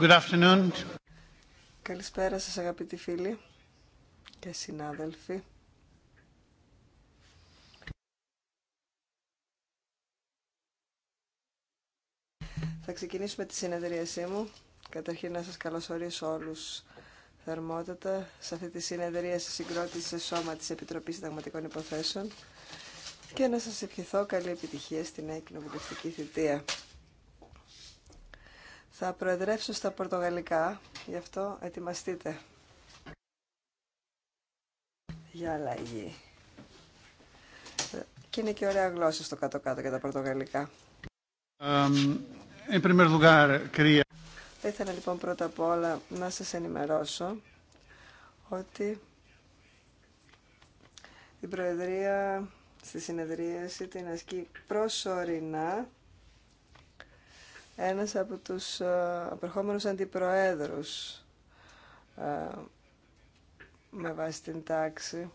Good afternoon. Καλησπέρα σας αγαπητοί φίλοι και συνάδελφοι. Θα ξεκινήσουμε τη συνεδρίασή μου. Καταρχήν να σας καλωσορίσω όλους θερμότατα σε αυτή τη συνεδρία σε συγκρότηση σε σώμα της Επιτροπής Συνταγματικών Υποθέσεων και να σας ευχηθώ καλή επιτυχία στην νέα κοινοβουλευτική θητεία. Θα προεδρεύσω στα πορτογαλικά, γι' αυτό ετοιμαστείτε. Για αλλαγή. Και είναι και ωραία γλώσσα στο κάτω-κάτω για τα πορτογαλικά. Θα ήθελα λοιπόν πρώτα απ' όλα να σας ενημερώσω ότι η Προεδρία στη συνεδρίαση την ασκεί προσωρινά ένας από τους ε, απερχόμενους αντιπροέδρους ε, με βάση την τάξη.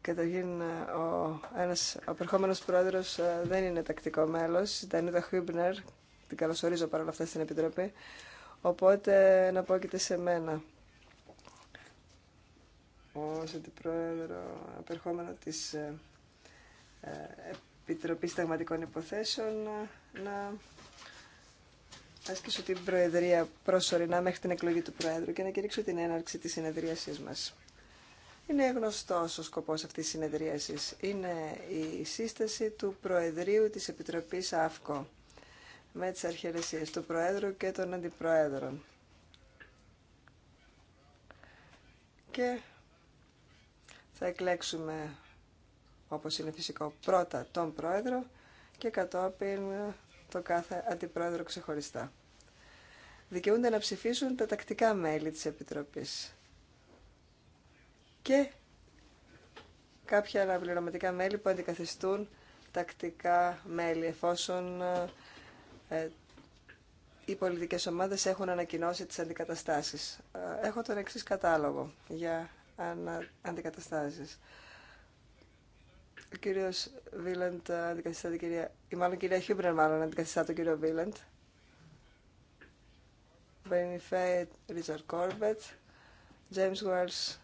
Καταρχήν, ε, ο ένας απερχόμενος πρόεδρος δεν είναι τακτικό μέλος, η Τανίδα Χούμπνερ, την καλωσορίζω παρόλα αυτά στην Επιτροπή, οπότε να πω και σε μένα Ω αντιπρόεδρο απερχόμενο της Επιτροπή Σταγματικών Υποθέσεων να ασκήσω την Προεδρία προσωρινά μέχρι την εκλογή του Προέδρου και να κηρύξω την έναρξη της συνεδρίασής μας. Είναι γνωστός ο σκοπός αυτής της συνεδρίασης. Είναι η σύσταση του Προεδρίου της Επιτροπής ΑΦΚΟ με τις αρχαιρεσίες του Προέδρου και των Αντιπροέδρων. Και θα εκλέξουμε όπως είναι φυσικό πρώτα τον πρόεδρο και κατόπιν το κάθε αντιπρόεδρο ξεχωριστά. Δικαιούνται να ψηφίσουν τα τακτικά μέλη της Επιτροπής και κάποια αναπληρωματικά μέλη που αντικαθιστούν τακτικά μέλη εφόσον ε, οι πολιτικές ομάδες έχουν ανακοινώσει τις αντικαταστάσεις. Ε, έχω τον εξής κατάλογο για ανα, αντικαταστάσεις. Ο κύριο Βίλαντ αντικαθιστά την κυρία... ή μάλλον η κυρία Χίμπρερ μάλλον αντικαθιστά τον κύριο Βίλαντ. Μπενιφέ Ρίτσαρ Κόρμπετ. τζειμ Wells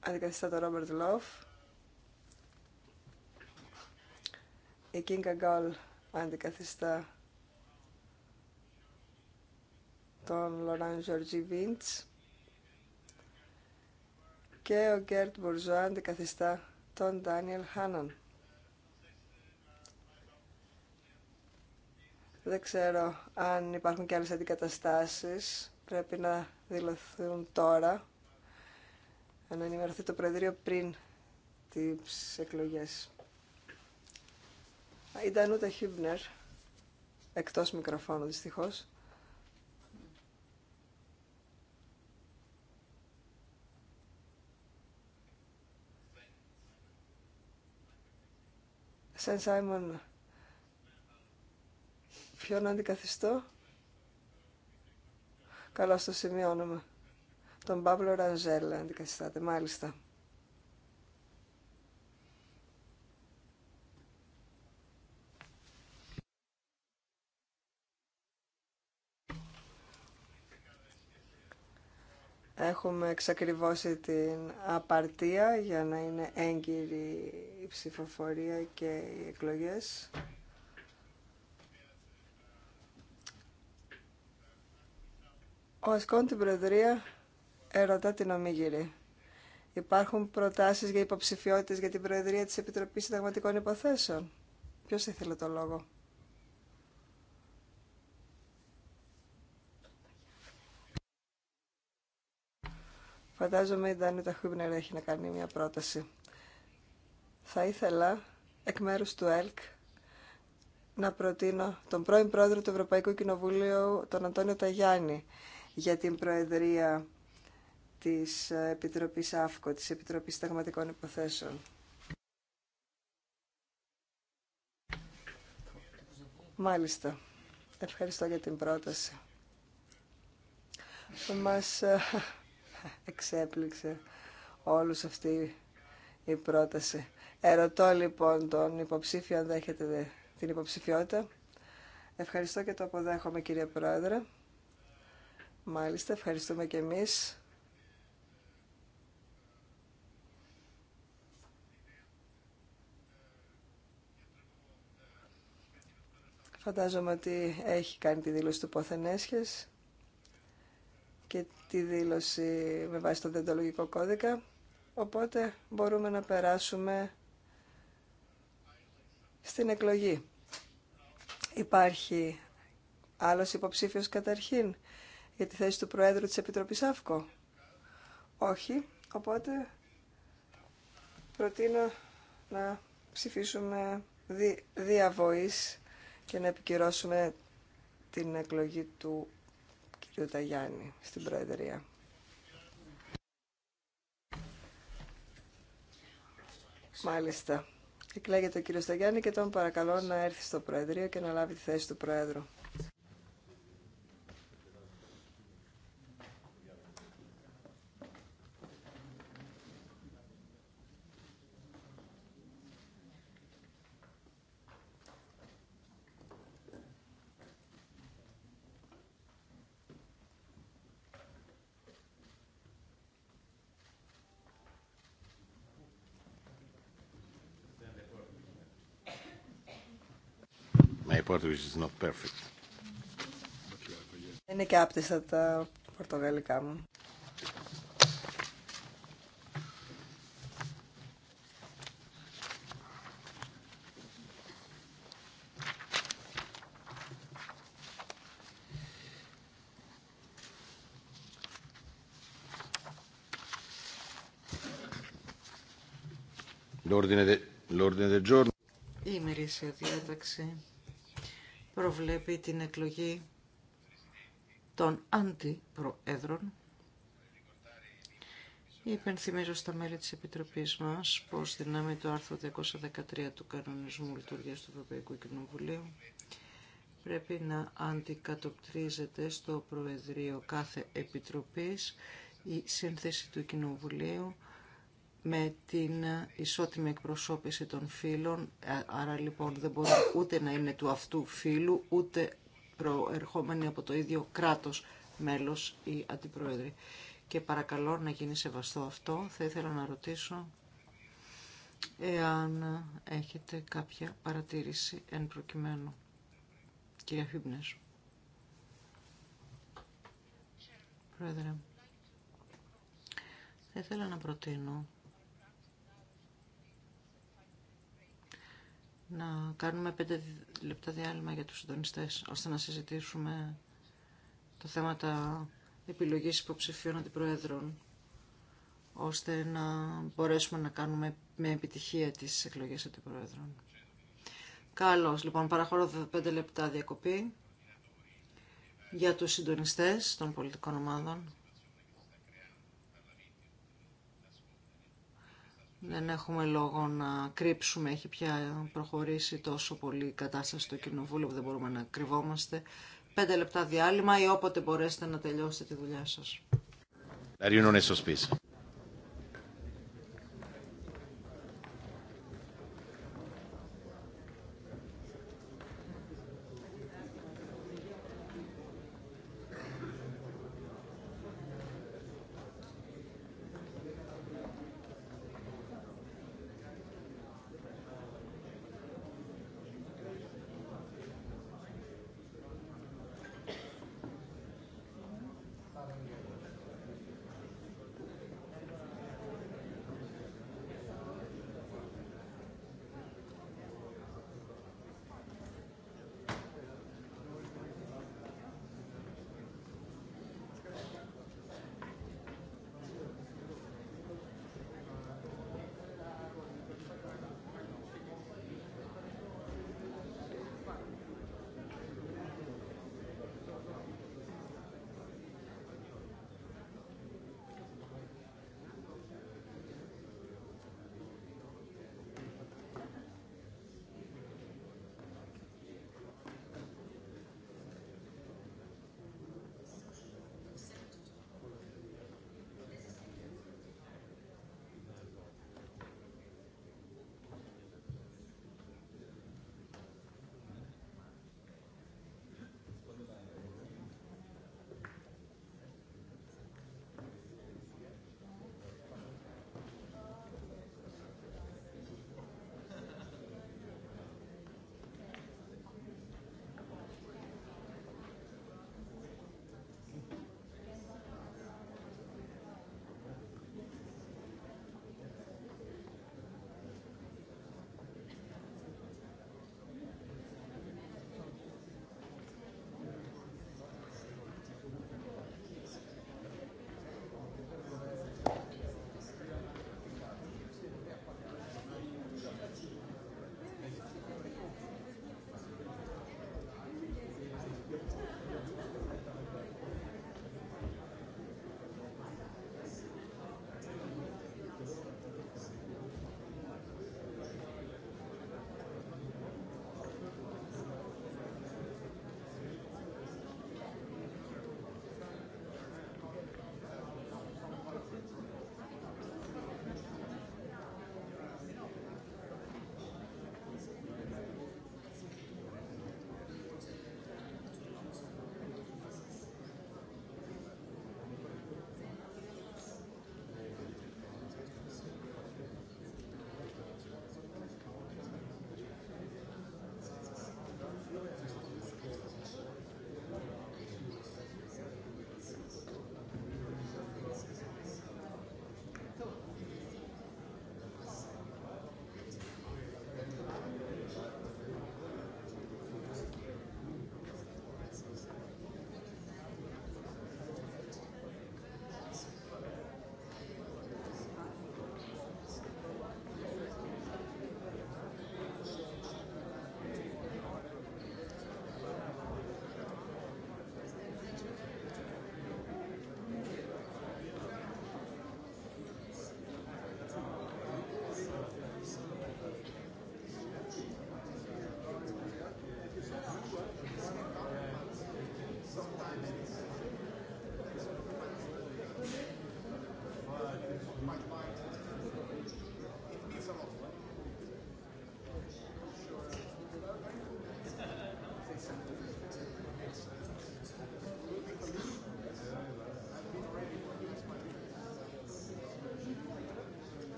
αντικαθιστά τον Ρόμπερτ Λόφ. Η Κίνκα Γκόλ αντικαθιστά τον Λοράν Ζορτζι Βίντς και ο Γκέρτ Μπουρζουά αντικαθιστά τον Ντάνιελ Χάνον. Δεν ξέρω αν υπάρχουν και άλλες αντικαταστάσεις. Πρέπει να δηλωθούν τώρα. να ενημερωθεί το Προεδρείο πριν τις εκλογές. Η Ντανούτα Χίμπνερ, εκτός μικροφώνου δυστυχώς. Σαν Σάιμον, ποιον αντικαθιστώ. Καλά στο σημειώνουμε. Τον Παύλο Ραζέλ αντικαθιστάτε, μάλιστα. Έχουμε εξακριβώσει την απαρτία για να είναι έγκυρη η ψηφοφορία και οι εκλογές. Ο Ασκόν την Προεδρία ερωτά την Ομίγυρη. Υπάρχουν προτάσεις για υποψηφιότητες για την Προεδρία της Επιτροπής Συνταγματικών Υποθέσεων. Ποιος ήθελε το λόγο. Φαντάζομαι η Ντανούτα Χούμπνερ έχει να κάνει μια πρόταση. Θα ήθελα εκ μέρους του ΕΛΚ να προτείνω τον πρώην πρόεδρο του Ευρωπαϊκού Κοινοβουλίου, τον Αντώνιο Ταγιάννη, για την προεδρία της Επιτροπής ΑΦΚΟ, της Επιτροπής Σταγματικών Υποθέσεων. Μάλιστα. Ευχαριστώ για την πρόταση. Μας ε, εξέπληξε όλους αυτή η πρόταση. Ερωτώ λοιπόν τον υποψήφιο αν δέχεται την υποψηφιότητα. Ευχαριστώ και το αποδέχομαι κύριε Πρόεδρε. Μάλιστα, ευχαριστούμε και εμείς. Φαντάζομαι ότι έχει κάνει τη δήλωση του Ποθενέσχες τη δήλωση με βάση τον δεντολογικό κώδικα, οπότε μπορούμε να περάσουμε στην εκλογή. Υπάρχει άλλος υποψήφιος καταρχήν για τη θέση του Προέδρου της Επιτροπής ΑΦΚΟ. Όχι, οπότε προτείνω να ψηφίσουμε δι και να επικυρώσουμε την εκλογή του το στην Προεδρία. Μάλιστα. Εκλέγεται ο κύριος Σταγιάννη και τον παρακαλώ να έρθει στο Προεδρείο και να λάβει τη θέση του Προέδρου. is not perfect. Είναι και άπτυστα τα πορτογαλικά μου. Η ημερήσια διάταξη προβλέπει την εκλογή των αντιπροέδρων. Υπενθυμίζω στα μέλη της Επιτροπής μας πως δυνάμει το άρθρο 213 του Κανονισμού Λειτουργίας του Ευρωπαϊκού Κοινοβουλίου πρέπει να αντικατοπτρίζεται στο Προεδρείο κάθε Επιτροπής η σύνθεση του Κοινοβουλίου με την ισότιμη εκπροσώπηση των φύλων. Ε, άρα λοιπόν δεν μπορεί ούτε να είναι του αυτού φίλου ούτε προερχόμενοι από το ίδιο κράτος μέλος ή αντιπρόεδροι. Και παρακαλώ να γίνει σεβαστό αυτό. Θα ήθελα να ρωτήσω εάν έχετε κάποια παρατήρηση εν προκειμένου. Κυρία Φίμπνες. Πρόεδρε, θα ήθελα να προτείνω να κάνουμε πέντε λεπτά διάλειμμα για τους συντονιστές, ώστε να συζητήσουμε τα θέματα επιλογής υποψηφίων αντιπροέδρων, ώστε να μπορέσουμε να κάνουμε με επιτυχία τις εκλογές αντιπροέδρων. Καλώς, λοιπόν, παραχωρώ πέντε λεπτά διακοπή για τους συντονιστές των πολιτικών ομάδων. δεν έχουμε λόγο να κρύψουμε. Έχει πια προχωρήσει τόσο πολύ η κατάσταση στο κοινοβούλιο που δεν μπορούμε να κρυβόμαστε. Πέντε λεπτά διάλειμμα ή όποτε μπορέσετε να τελειώσετε τη δουλειά σας.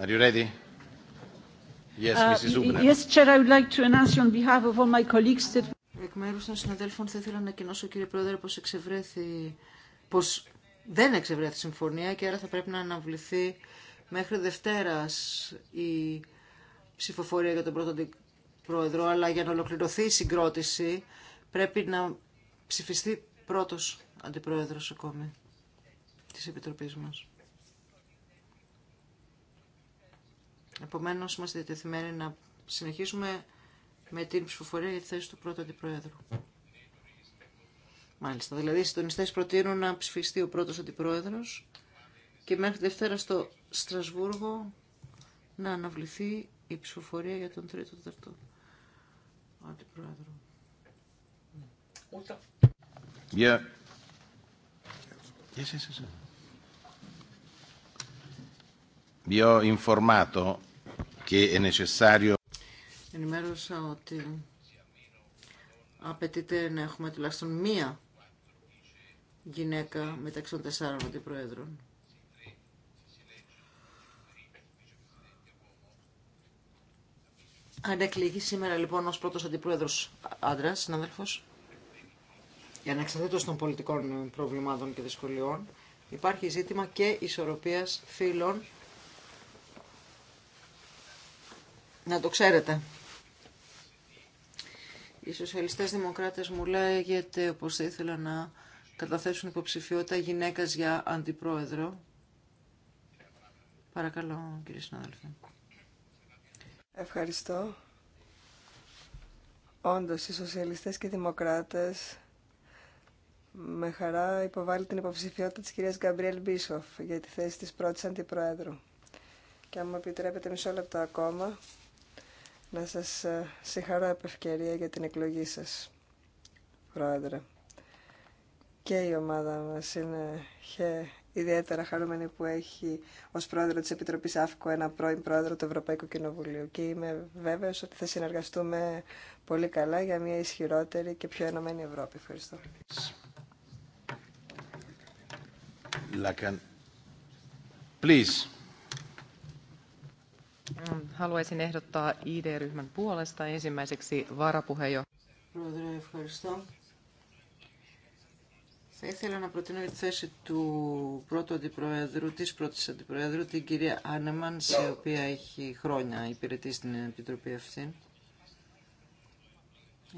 Are you ready? Yes, uh, Mrs. Yes, Chair, I would like to announce on behalf of all my colleagues that... Εκ μέρους των συναδέλφων θα ήθελα να ανακοινώσω, κύριε Πρόεδρε, πως εξευρέθη, πως δεν εξευρέθη συμφωνία και άρα θα πρέπει να αναβληθεί μέχρι Δευτέρας η ψηφοφορία για τον πρώτο πρόεδρο, αλλά για να ολοκληρωθεί η συγκρότηση πρέπει να ψηφιστεί πρώτος αντιπρόεδρος ακόμη της Επιτροπής μας. Επομένως, είμαστε διατεθειμένοι να συνεχίσουμε με την ψηφοφορία για τη θέση του πρώτου αντιπρόεδρου. Μάλιστα. Δηλαδή, οι συντονιστέ προτείνουν να ψηφιστεί ο πρώτο αντιπρόεδρο και μέχρι Δευτέρα στο Στρασβούργο να αναβληθεί η ψηφοφορία για τον τρίτο τέταρτο αντιπρόεδρο. Yeah. Yes, yes, Vi informato che è necessario. Ενημέρωσα ότι απαιτείται να έχουμε τουλάχιστον μία γυναίκα μεταξύ των τεσσάρων αντιπροέδρων. Αν εκλεγεί σήμερα λοιπόν ως πρώτος αντιπρόεδρος άντρα συνάδελφος, για να εξαρτήτως των πολιτικών προβλημάτων και δυσκολιών, υπάρχει ζήτημα και ισορροπίας φύλων Να το ξέρετε. Οι σοσιαλιστές δημοκράτες μου λέγεται πως θα ήθελα να καταθέσουν υποψηφιότητα γυναίκας για αντιπρόεδρο. Παρακαλώ κύριε συνάδελφε. Ευχαριστώ. Όντως οι σοσιαλιστές και οι δημοκράτες με χαρά υποβάλλει την υποψηφιότητα της κυρίας Γκαμπριέλ Μπίσοφ για τη θέση της πρώτης αντιπρόεδρου. Και αν μου επιτρέπετε μισό λεπτό ακόμα, να σας ε, συγχαρώ επ' ευκαιρία για την εκλογή σας, Πρόεδρε. Και η ομάδα μας είναι ιδιαίτερα χαρούμενη που έχει ως πρόεδρο της Επιτροπής ΑΦΚΟ ένα πρώην πρόεδρο του Ευρωπαϊκού Κοινοβουλίου και είμαι βέβαιος ότι θα συνεργαστούμε πολύ καλά για μια ισχυρότερη και πιο ενωμένη Ευρώπη. Ευχαριστώ. Please. Haluaisin ehdottaa ID-ryhmän puolesta ensimmäiseksi varapuheenjohtaja. ευχαριστώ. Θα ήθελα να προτείνω τη θέση του πρώτου αντιπροέδρου, της πρώτης αντιπροέδρου, την κυρία Άνεμαν, η οποία έχει χρόνια υπηρετεί στην Επιτροπή αυτή.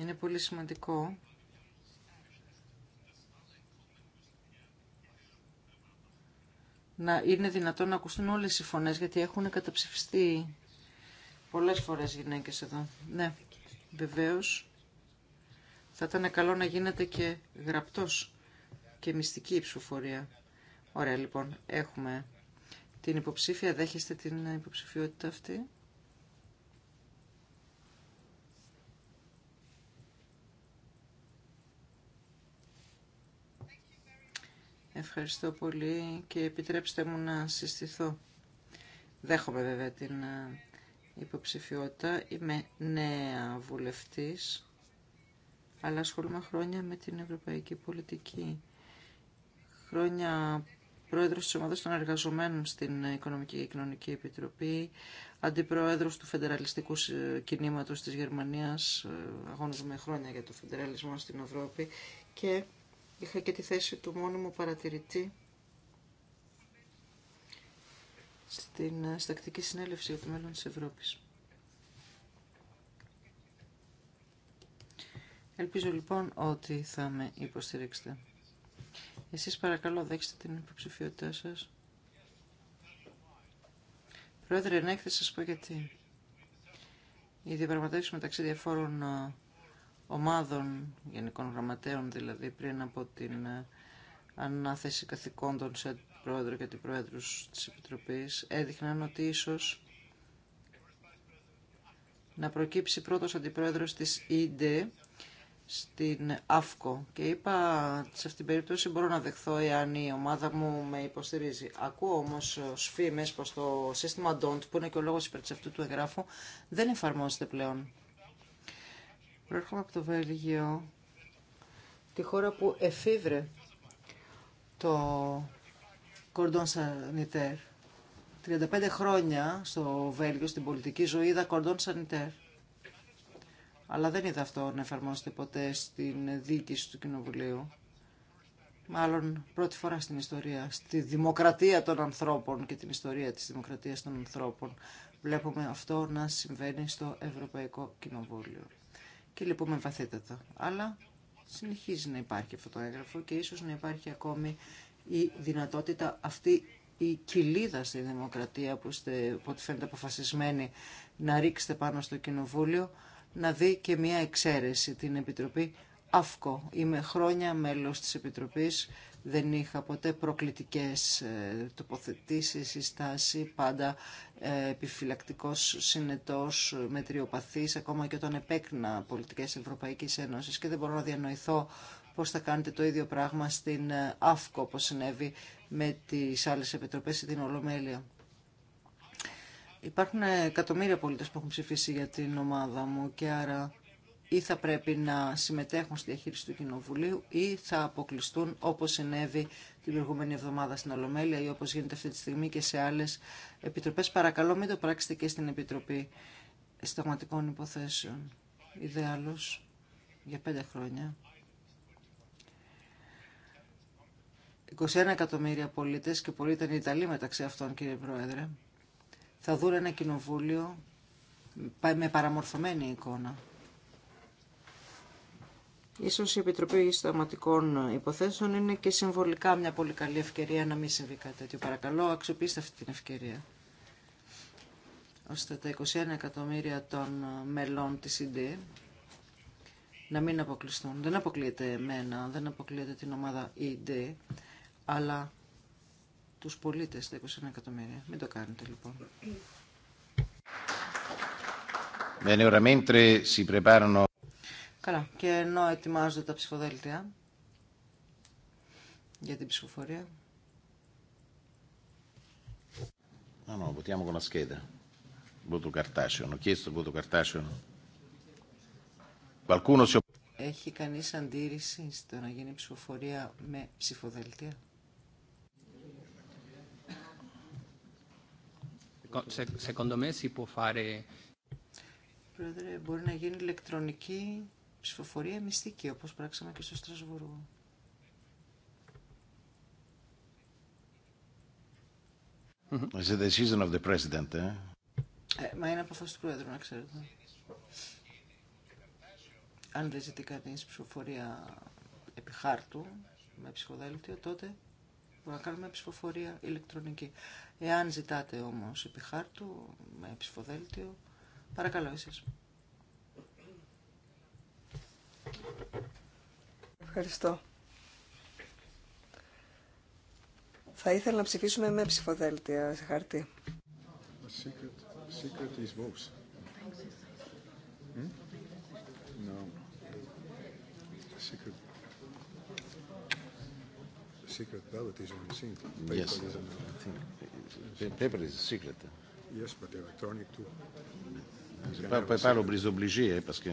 Είναι πολύ σημαντικό να είναι δυνατόν να ακουστούν όλες οι φωνές, γιατί έχουν καταψηφιστεί πολλές φορές γυναίκες εδώ. Ναι, βεβαίως. Θα ήταν καλό να γίνεται και γραπτός και μυστική η ψηφοφορία. Ωραία, λοιπόν, έχουμε την υποψήφια. Δέχεστε την υποψηφιότητα αυτή. Ευχαριστώ πολύ και επιτρέψτε μου να συστηθώ. Δέχομαι βέβαια την ε, υποψηφιότητα. Είμαι νέα βουλευτής, αλλά ασχολούμαι χρόνια με την ευρωπαϊκή πολιτική. Χρόνια πρόεδρος της Ομάδας των Εργαζομένων στην Οικονομική και Κοινωνική Επιτροπή, αντιπρόεδρος του Φεντεραλιστικού Κινήματος της Γερμανίας, ε, αγώνιζομαι χρόνια για το φεντεραλισμό στην Ευρώπη και είχα και τη θέση του μόνιμου παρατηρητή στην ε, Στακτική Συνέλευση για το Μέλλον της Ευρώπης. Ελπίζω λοιπόν ότι θα με υποστηρίξετε. Εσείς παρακαλώ δέξτε την υποψηφιότητά σας. Πρόεδρε, ναι, σας πω γιατί. Οι διαπραγματεύσει μεταξύ διαφόρων ε, ομάδων γενικών γραμματέων, δηλαδή πριν από την ε, ανάθεση καθηκόντων σε πρόεδρο και την πρόεδρου της Επιτροπής, έδειχναν ότι ίσως να προκύψει πρώτος αντιπρόεδρος της ΙΝΤΕ στην ΑΦΚΟ και είπα σε αυτήν την περίπτωση μπορώ να δεχθώ εάν η ομάδα μου με υποστηρίζει. Ακούω όμως σφήμες πως το σύστημα DONT που είναι και ο λόγος υπέρ της αυτού του εγγράφου δεν εφαρμόζεται πλέον. Προέρχομαι από το Βέλγιο, τη χώρα που εφήβρε το κορδόν σανιτέρ. 35 χρόνια στο Βέλγιο, στην πολιτική ζωή, είδα κορδόν σανιτέρ. Αλλά δεν είδα αυτό να εφαρμόζεται ποτέ στην διοίκηση του Κοινοβουλίου. Μάλλον πρώτη φορά στην ιστορία, στη δημοκρατία των ανθρώπων και την ιστορία της δημοκρατίας των ανθρώπων. Βλέπουμε αυτό να συμβαίνει στο Ευρωπαϊκό Κοινοβούλιο και λυπούμε βαθύτατα. Αλλά συνεχίζει να υπάρχει αυτό το έγγραφο και ίσως να υπάρχει ακόμη η δυνατότητα αυτή η κοιλίδα στη δημοκρατία που είστε, που φαίνεται αποφασισμένη να ρίξετε πάνω στο κοινοβούλιο, να δει και μια εξαίρεση την Επιτροπή ΑΦΚΟ. Είμαι χρόνια μέλος της Επιτροπής δεν είχα ποτέ προκλητικές ε, τοποθετήσεις ή στάση, πάντα ε, επιφυλακτικός, συνετός, μετριοπαθής, ακόμα και όταν επέκνα πολιτικές Ευρωπαϊκής Ένωσης και δεν μπορώ να διανοηθώ πώς θα κάνετε το ίδιο πράγμα στην ε, ΑΦΚΟ, όπως συνέβη με τις άλλες επιτροπές ή την Ολομέλεια. Υπάρχουν εκατομμύρια πολίτες που έχουν ψηφίσει για την ομάδα μου και άρα ή θα πρέπει να συμμετέχουν στη διαχείριση του Κοινοβουλίου ή θα αποκλειστούν όπως συνέβη την προηγούμενη εβδομάδα στην Ολομέλεια ή όπως γίνεται αυτή τη στιγμή και σε άλλες επιτροπές. Παρακαλώ μην το πράξετε και στην Επιτροπή Συνταγματικών Υποθέσεων. Ιδέαλος για πέντε χρόνια. 21 εκατομμύρια πολίτες και πολλοί ήταν Ιταλοί μεταξύ αυτών κύριε Πρόεδρε θα δουν ένα κοινοβούλιο με παραμορφωμένη εικόνα Ίσως η Επιτροπή Σταματικών Υποθέσεων είναι και συμβολικά μια πολύ καλή ευκαιρία να μην συμβεί κάτι τέτοιο. Παρακαλώ, αξιοποιήστε αυτή την ευκαιρία ώστε τα 21 εκατομμύρια των μελών της ΕΔ να μην αποκλειστούν. Δεν αποκλείεται εμένα, δεν αποκλείεται την ομάδα ΕΔ, αλλά τους πολίτες τα 21 εκατομμύρια. Μην το κάνετε λοιπόν. Καλά. Και ενώ ετοιμάζονται τα ψηφοδέλτια για την ψηφοφορία. No, βοηθάμε με con la scheda. καρτάσιο, cartaceo. Ho chiesto voto cartaceo. καρτάσιο. Βαλκούνος... Έχει κανείς αντίρρηση στο να γίνει ψηφοφορία με ψηφοδέλτια. Σε, me si può fare... Πρόεδρε, μπορεί να γίνει ηλεκτρονική ψηφοφορία μυστική, όπως πράξαμε και στο Στρασβούργο. Eh? Ε, μα είναι αποφάση του Πρόεδρου, να ξέρετε. Αν δεν ζητεί κανεί ψηφοφορία επί χάρτου, με ψηφοδέλτιο, τότε μπορούμε να κάνουμε ψηφοφορία ηλεκτρονική. Εάν ζητάτε όμως επί χάρτου, με ψηφοδέλτιο, παρακαλώ εσείς. Ευχαριστώ. Θα ήθελα να ψηφίσουμε με ψηφοδέλτια σε χαρτί. Secret secret is on the secret, Paper yes, is on the... I think paper is secret. Yes, but electronic too. Pas, pas l'obligé, parce que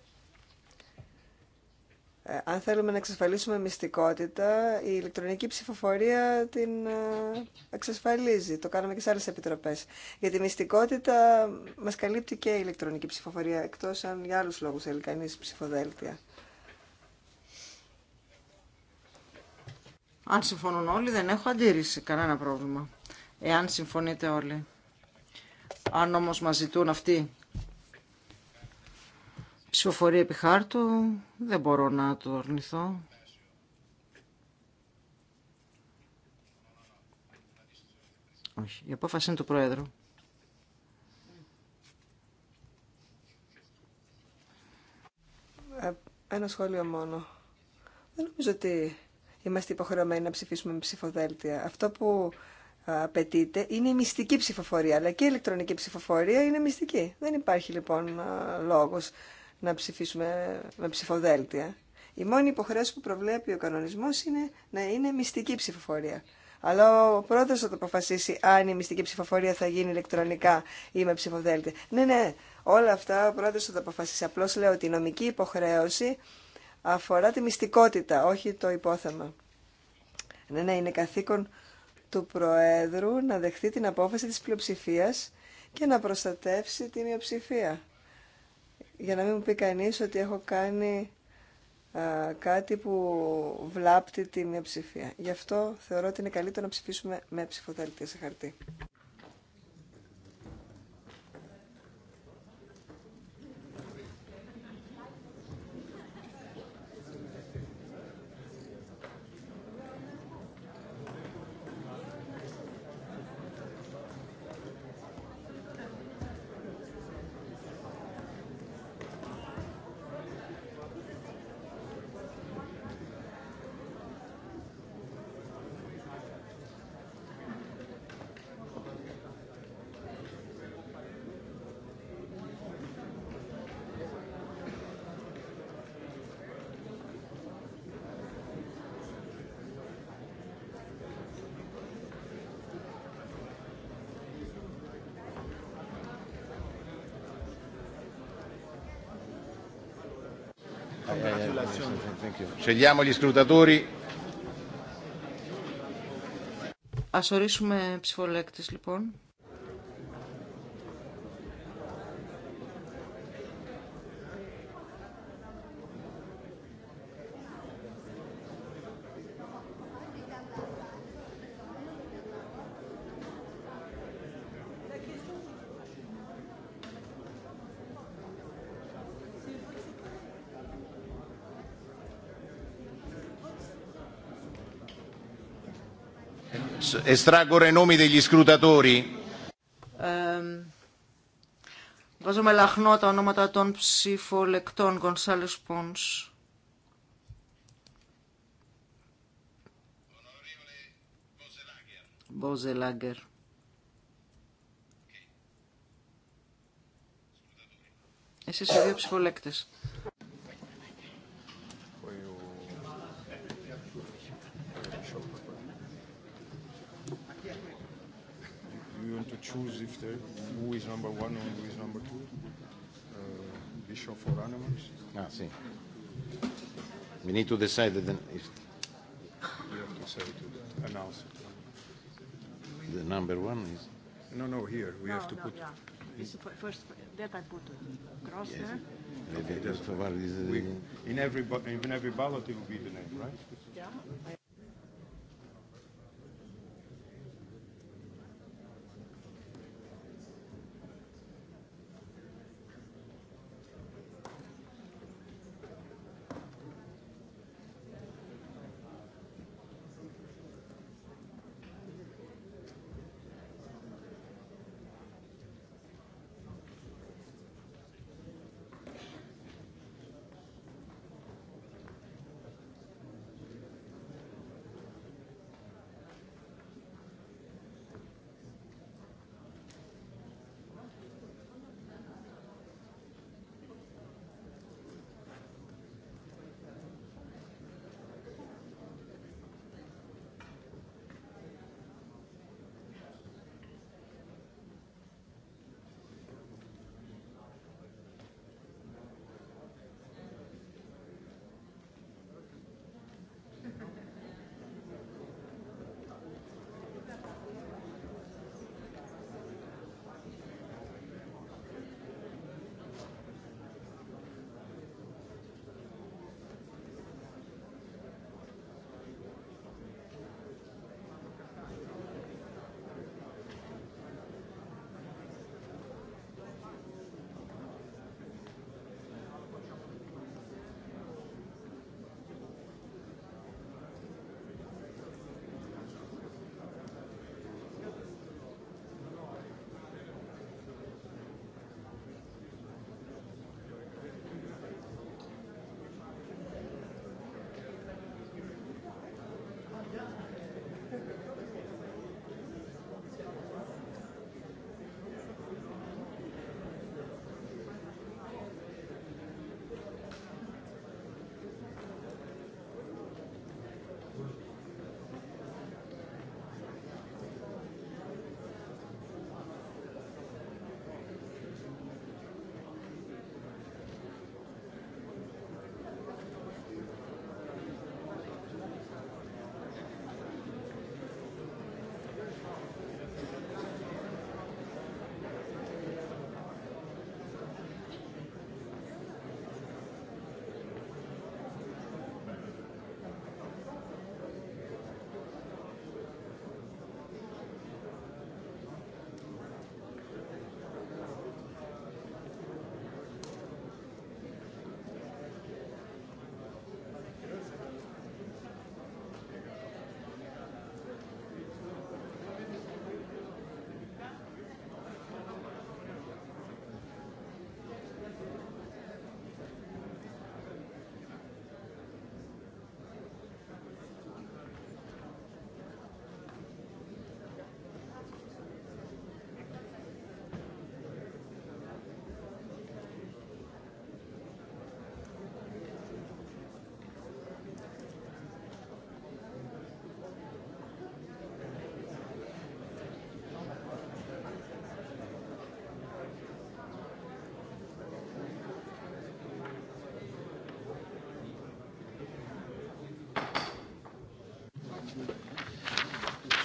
Ε, αν θέλουμε να εξασφαλίσουμε μυστικότητα, η ηλεκτρονική ψηφοφορία την ε, εξασφαλίζει. Το κάναμε και σε άλλες επιτροπές. Για τη μυστικότητα μας καλύπτει και η ηλεκτρονική ψηφοφορία, εκτός αν για άλλους λόγους θέλει κανείς ψηφοδέλτια. Αν συμφωνούν όλοι, δεν έχω αντίρρηση, κανένα πρόβλημα. Εάν συμφωνείτε όλοι. Αν όμως μας ζητούν αυτοί ψηφοφορία επί χάρτου δεν μπορώ να το αρνηθώ. Όχι, η απόφαση είναι του Πρόεδρου. Ε, ένα σχόλιο μόνο. Δεν νομίζω ότι είμαστε υποχρεωμένοι να ψηφίσουμε με ψηφοδέλτια. Αυτό που ε, απαιτείται είναι η μυστική ψηφοφορία, αλλά και η ηλεκτρονική ψηφοφορία είναι μυστική. Δεν υπάρχει λοιπόν ε, λόγος να ψηφίσουμε με ψηφοδέλτια. Η μόνη υποχρέωση που προβλέπει ο κανονισμό είναι να είναι μυστική ψηφοφορία. Αλλά ο πρόεδρο θα το αποφασίσει αν η μυστική ψηφοφορία θα γίνει ηλεκτρονικά ή με ψηφοδέλτια. Ναι, ναι, όλα αυτά ο πρόεδρο θα το αποφασίσει. Απλώ λέω ότι η νομική υποχρέωση αφορά τη μυστικότητα, όχι το υπόθεμα. Ναι, ναι, είναι καθήκον του Προέδρου να δεχθεί την απόφαση της πλειοψηφίας και να προστατεύσει τη μειοψηφία για να μην μου πει κανείς ότι έχω κάνει κάτι που βλάπτει την ψηφία. Γι' αυτό θεωρώ ότι είναι καλύτερο να ψηφίσουμε με ψηφοδελτία σε χαρτί. Α Ας ορίσουμε ψηφολέκτης λοιπόν. estraggono i nomi degli scrutatori. Βάζω με λαχνό τα ονόματα των ψηφολεκτών. Γκονσάλες Πόνς. Μποζελάγκερ. Εσείς οι δύο ψηφολέκτες. choose if they, who is number one and who is number two. Uh, bishop for animals. Ah, see. We need to decide that then if. You have to say to announce it. The number one is. No, no, here we have to put. Yeah. first that I put cross there. In every in every ballot it will be the name, right? Yeah.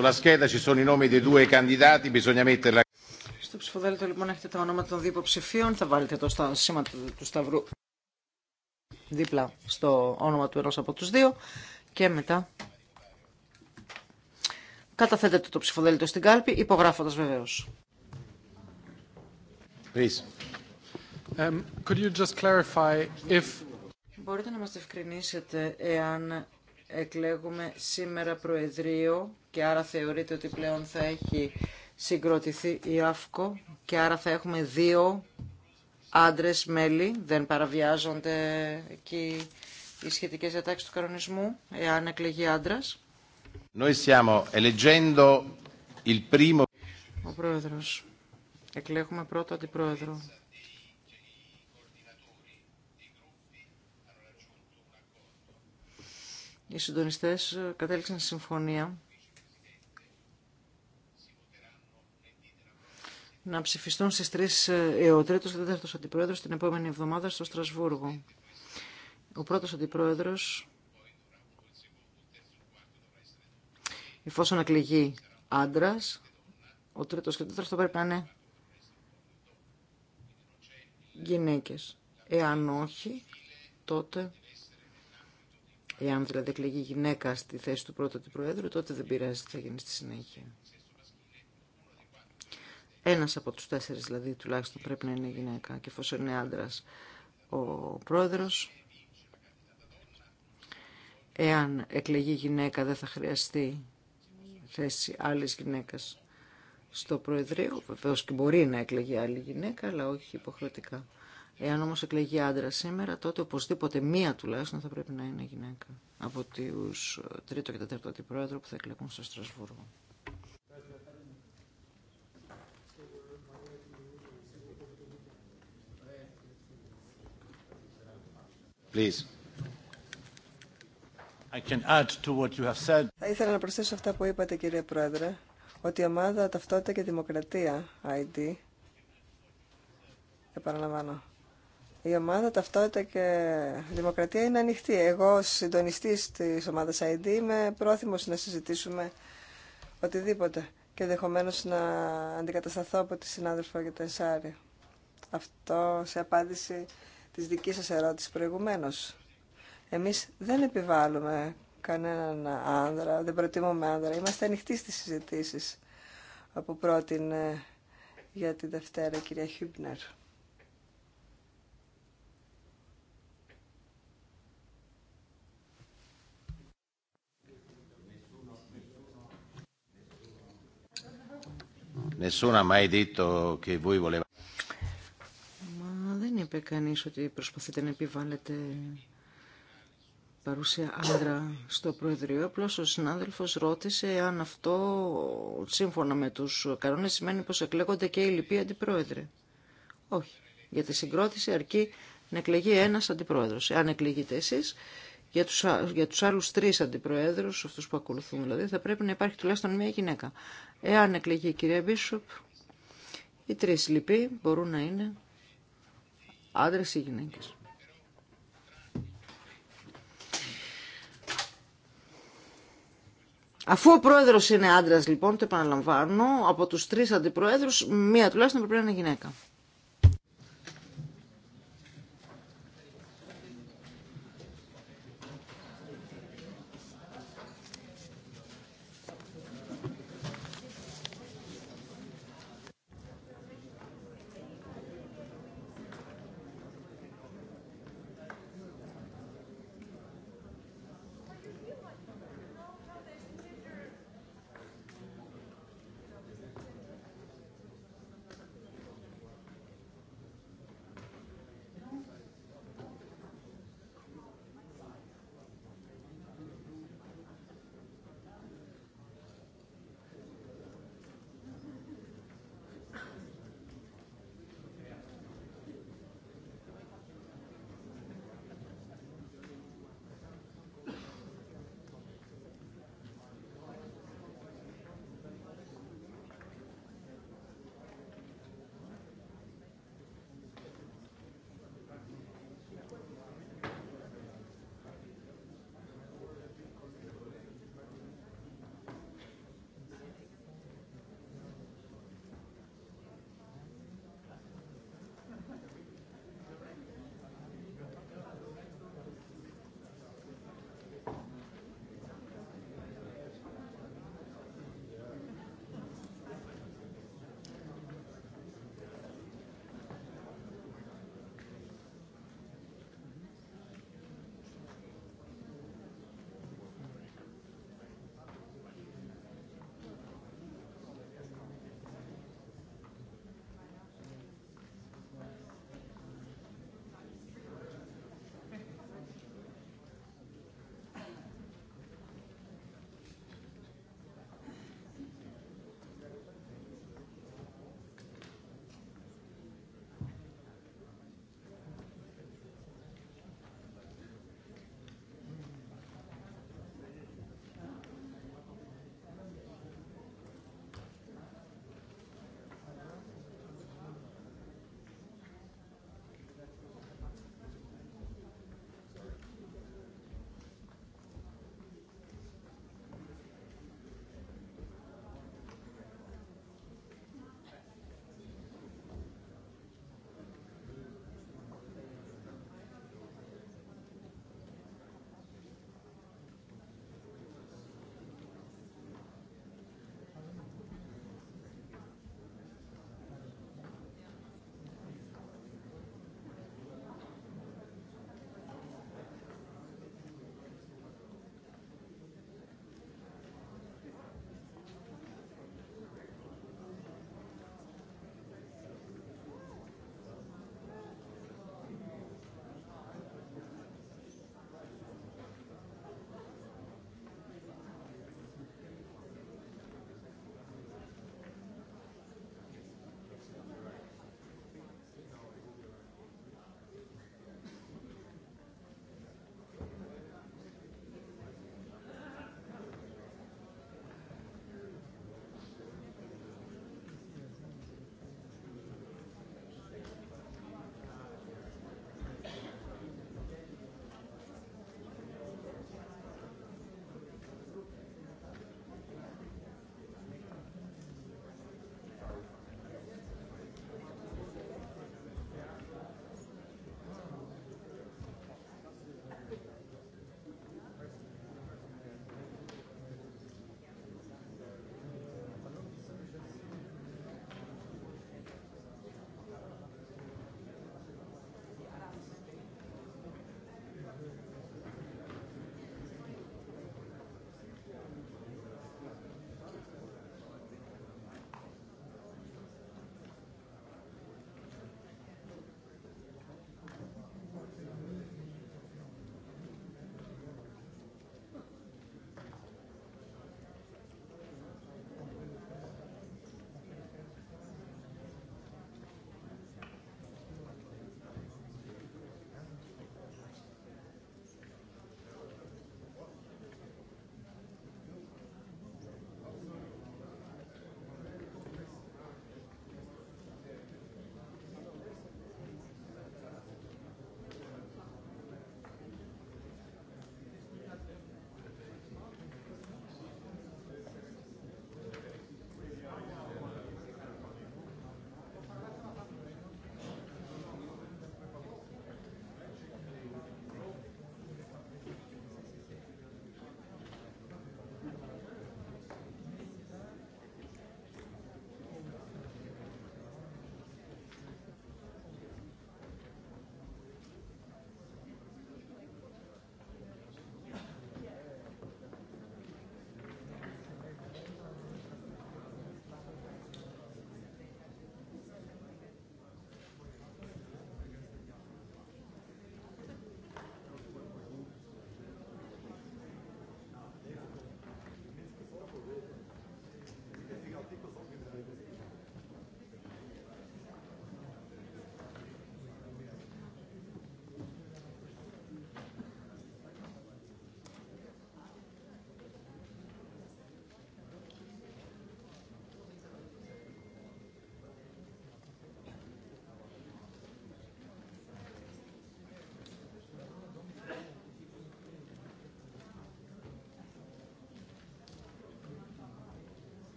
Sulla scheda ci sono i nomi dei due candidati, bisogna metterla. Στο ψηφοδέλτιο λοιπόν έχετε τα ονόματα των δύο υποψηφίων, θα βάλετε το στα, σήμα του Σταυρού δίπλα στο όνομα του ενός από τους δύο και μετά καταθέτετε το ψηφοδέλτιο στην κάλπη, υπογράφοντας βεβαίως. Um, if... Μπορείτε να μας διευκρινίσετε εάν εκλέγουμε σήμερα Προεδρείο και άρα θεωρείται ότι πλέον θα έχει συγκροτηθεί η ΑΦΚΟ και άρα θα έχουμε δύο άντρες μέλη, δεν παραβιάζονται εκεί οι σχετικές διατάξει του κανονισμού, εάν εκλεγεί άντρας. Ο Πρόεδρος. Εκλέγουμε πρώτο αντιπρόεδρο. οι συντονιστές ε, κατέληξαν στη συμφωνία να ψηφιστούν στις 3 ε, ε, ο τρίτος και ο τέταρτος αντιπρόεδρος την επόμενη εβδομάδα στο Στρασβούργο. Ο πρώτος αντιπρόεδρος, εφόσον εκλεγεί άντρα, ο τρίτος και ο τέταρτος θα πρέπει να είναι γυναίκες. Εάν όχι, τότε Εάν δηλαδή εκλεγεί γυναίκα στη θέση του πρώτου του Προέδρου, τότε δεν πειράζει τι θα γίνει στη συνέχεια. Ένας από τους τέσσερις δηλαδή τουλάχιστον πρέπει να είναι γυναίκα και εφόσον είναι άντρα ο πρόεδρος. Εάν εκλεγεί γυναίκα δεν θα χρειαστεί θέση άλλης γυναίκας στο Προεδρείο. Βεβαίω και μπορεί να εκλεγεί άλλη γυναίκα, αλλά όχι υποχρεωτικά. Εάν όμως εκλεγεί άντρα σήμερα, τότε οπωσδήποτε μία τουλάχιστον θα πρέπει να είναι γυναίκα από τους ε, τρίτο και τέταρτο αντιπρόεδρο που θα εκλεγούν στο Στρασβούργο. Please. I can add to what you have said. Θα ήθελα να προσθέσω αυτά που είπατε κύριε Πρόεδρε, ότι η ομάδα Ταυτότητα και Δημοκρατία ID, επαναλαμβάνω, η ομάδα Ταυτότητα και Δημοκρατία είναι ανοιχτή. Εγώ, συντονιστή τη ομάδα ID, είμαι πρόθυμο να συζητήσουμε οτιδήποτε και ενδεχομένω να αντικατασταθώ από τη συνάδελφο για το Αυτό σε απάντηση της δικής σας ερώτησης προηγουμένως. Εμείς δεν επιβάλλουμε κανέναν άνδρα, δεν προτιμούμε άνδρα. Είμαστε ανοιχτοί στις συζητήσεις που πρότεινε για τη Δευτέρα κυρία Χιούμπνερ. δεν είπε κανεί ότι προσπαθείτε να επιβάλλετε παρουσία άντρα στο Προεδρείο. Απλώ ο συνάδελφο ρώτησε αν αυτό, σύμφωνα με του κανόνε, σημαίνει πω εκλέγονται και οι λοιποί αντιπρόεδροι. Όχι. Για τη συγκρότηση αρκεί να εκλεγεί ένα αντιπρόεδρο. Αν εκλεγείτε εσεί, για τους, για τους άλλους τρεις αντιπροέδρους, αυτούς που ακολουθούν δηλαδή, θα πρέπει να υπάρχει τουλάχιστον μία γυναίκα. Εάν εκλεγεί η κυρία Μπίσοπ, οι τρεις λοιποί μπορούν να είναι άντρες ή γυναίκες. Αφού ο πρόεδρος είναι άντρας λοιπόν, το επαναλαμβάνω, από τους τρεις αντιπροέδρους, μία τουλάχιστον πρέπει να είναι γυναίκα.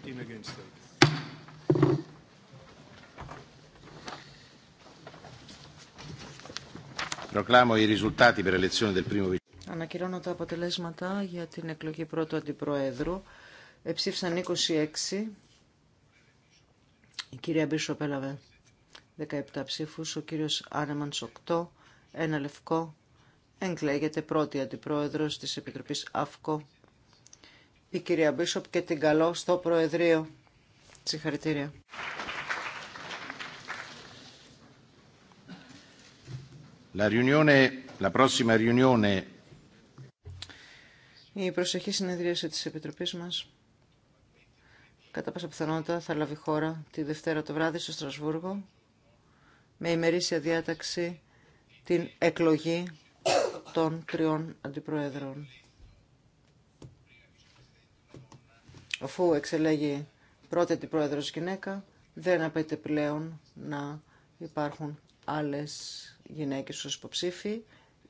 team against Proclamo i risultati per l'elezione del primo Ανακοινώνω τα αποτελέσματα για την εκλογή πρώτου αντιπροέδρου. Εψήφισαν 26. Η κυρία Μπίσοπ έλαβε 17 ψήφους, ο κύριος Άνεμανς 8, ένα λευκό. Εγκλέγεται πρώτη αντιπρόεδρος της Επιτροπής ΑΦΚΟ η κυρία Μπίσοπ και την καλώ στο Προεδρείο. Συγχαρητήρια. La riunione, la prossima riunione... Η προσεχή συνεδρίαση της Επιτροπής μας κατά πάσα πιθανότητα θα λάβει χώρα τη Δευτέρα το βράδυ στο Στρασβούργο με ημερήσια διάταξη την εκλογή των τριών αντιπροέδρων. αφού εξελέγει πρώτη πρόεδρος γυναίκα, δεν απαιτείται πλέον να υπάρχουν άλλες γυναίκες ως υποψήφοι.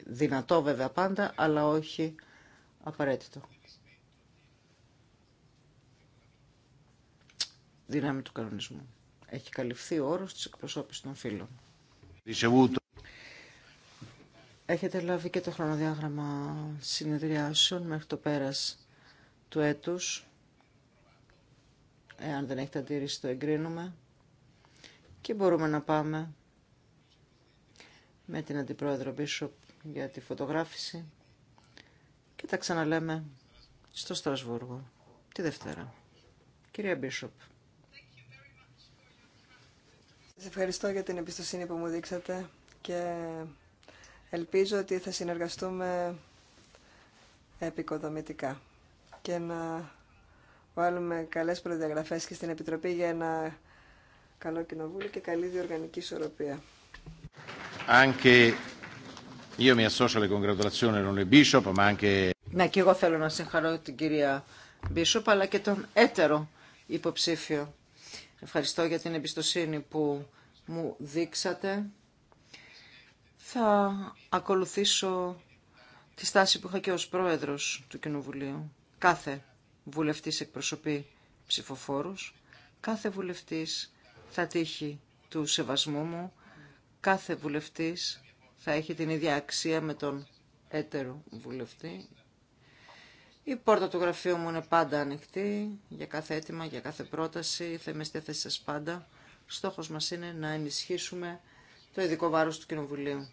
Δυνατό βέβαια πάντα, αλλά όχι απαραίτητο. Δυνάμει του κανονισμού. Έχει καλυφθεί ο όρος της εκπροσώπησης των φίλων. Έχετε λάβει και το χρονοδιάγραμμα συνεδριάσεων μέχρι το πέρας του έτους. Εάν δεν έχετε αντίρρηση το εγκρίνουμε. Και μπορούμε να πάμε με την Αντιπρόεδρο Μπίσοπ για τη φωτογράφηση. Και τα ξαναλέμε στο Στρασβούργο τη Δευτέρα. Κυρία Μπίσοπ. Σας ευχαριστώ για την εμπιστοσύνη που μου δείξατε και ελπίζω ότι θα συνεργαστούμε επικοδομητικά και να βάλουμε καλές προδιαγραφές και στην Επιτροπή για ένα καλό κοινοβούλιο και καλή διοργανική ισορροπία. Ναι, και εγώ θέλω να συγχαρώ την κυρία Μπίσοπ, αλλά και τον έτερο υποψήφιο. Ευχαριστώ για την εμπιστοσύνη που μου δείξατε. Θα ακολουθήσω τη στάση που είχα και ως πρόεδρος του Κοινοβουλίου. Κάθε βουλευτής εκπροσωπεί ψηφοφόρους, κάθε βουλευτής θα τύχει του σεβασμού μου, κάθε βουλευτής θα έχει την ίδια αξία με τον έτερο βουλευτή. Η πόρτα του γραφείου μου είναι πάντα ανοιχτή, για κάθε αίτημα, για κάθε πρόταση, θα είμαι στη θέση σας πάντα. Στόχος μας είναι να ενισχύσουμε το ειδικό βάρος του Κοινοβουλίου.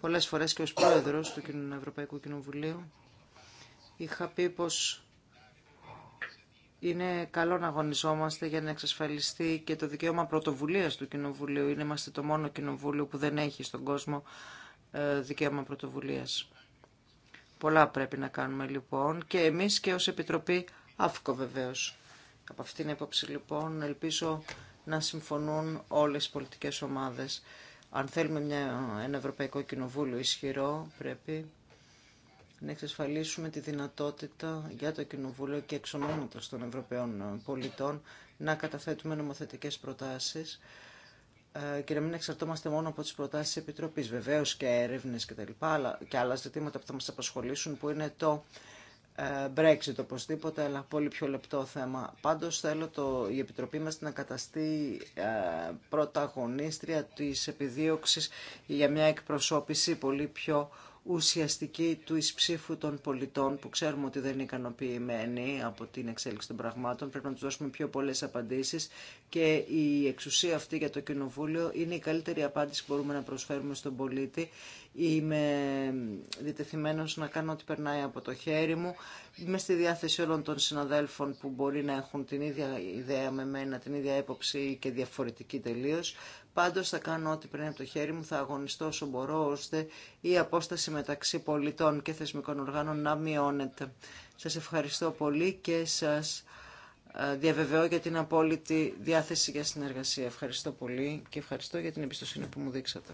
Πολλές φορές και ως πρόεδρος του Ευρωπαϊκού Κοινοβουλίου είχα πει πως είναι καλό να αγωνιζόμαστε για να εξασφαλιστεί και το δικαίωμα πρωτοβουλίας του Κοινοβουλίου. είμαστε το μόνο Κοινοβούλιο που δεν έχει στον κόσμο ε, δικαίωμα πρωτοβουλίας. Πολλά πρέπει να κάνουμε λοιπόν και εμείς και ως Επιτροπή ΑΦΚΟ βεβαίως. Από αυτήν την έποψη λοιπόν ελπίζω να συμφωνούν όλες οι πολιτικές ομάδες. Αν θέλουμε ένα Ευρωπαϊκό Κοινοβούλιο ισχυρό πρέπει να εξασφαλίσουμε τη δυνατότητα για το Κοινοβούλιο και εξονόματος των Ευρωπαίων πολιτών να καταθέτουμε νομοθετικές προτάσεις ε, και να μην εξαρτώμαστε μόνο από τις προτάσεις της Επιτροπής, βεβαίως και έρευνες και τα αλλά και άλλα ζητήματα που θα μας απασχολήσουν, που είναι το ε, Brexit οπωσδήποτε, αλλά πολύ πιο λεπτό θέμα. Πάντως θέλω το, η Επιτροπή μας να καταστεί ε, πρωταγωνίστρια της επιδίωξης για μια εκπροσώπηση πολύ πιο ουσιαστική του εισψήφου των πολιτών που ξέρουμε ότι δεν είναι ικανοποιημένοι από την εξέλιξη των πραγμάτων. Πρέπει να τους δώσουμε πιο πολλές απαντήσεις και η εξουσία αυτή για το Κοινοβούλιο είναι η καλύτερη απάντηση που μπορούμε να προσφέρουμε στον πολίτη. Είμαι διτεθειμένο να κάνω ό,τι περνάει από το χέρι μου. Είμαι στη διάθεση όλων των συναδέλφων που μπορεί να έχουν την ίδια ιδέα με μένα, την ίδια έποψη και διαφορετική τελείω. Πάντως θα κάνω ό,τι πρέπει από το χέρι μου, θα αγωνιστώ όσο μπορώ, ώστε η απόσταση μεταξύ πολιτών και θεσμικών οργάνων να μειώνεται. Σας ευχαριστώ πολύ και σας ε, διαβεβαιώ για την απόλυτη διάθεση για συνεργασία. Ευχαριστώ πολύ και ευχαριστώ για την εμπιστοσύνη που μου δείξατε.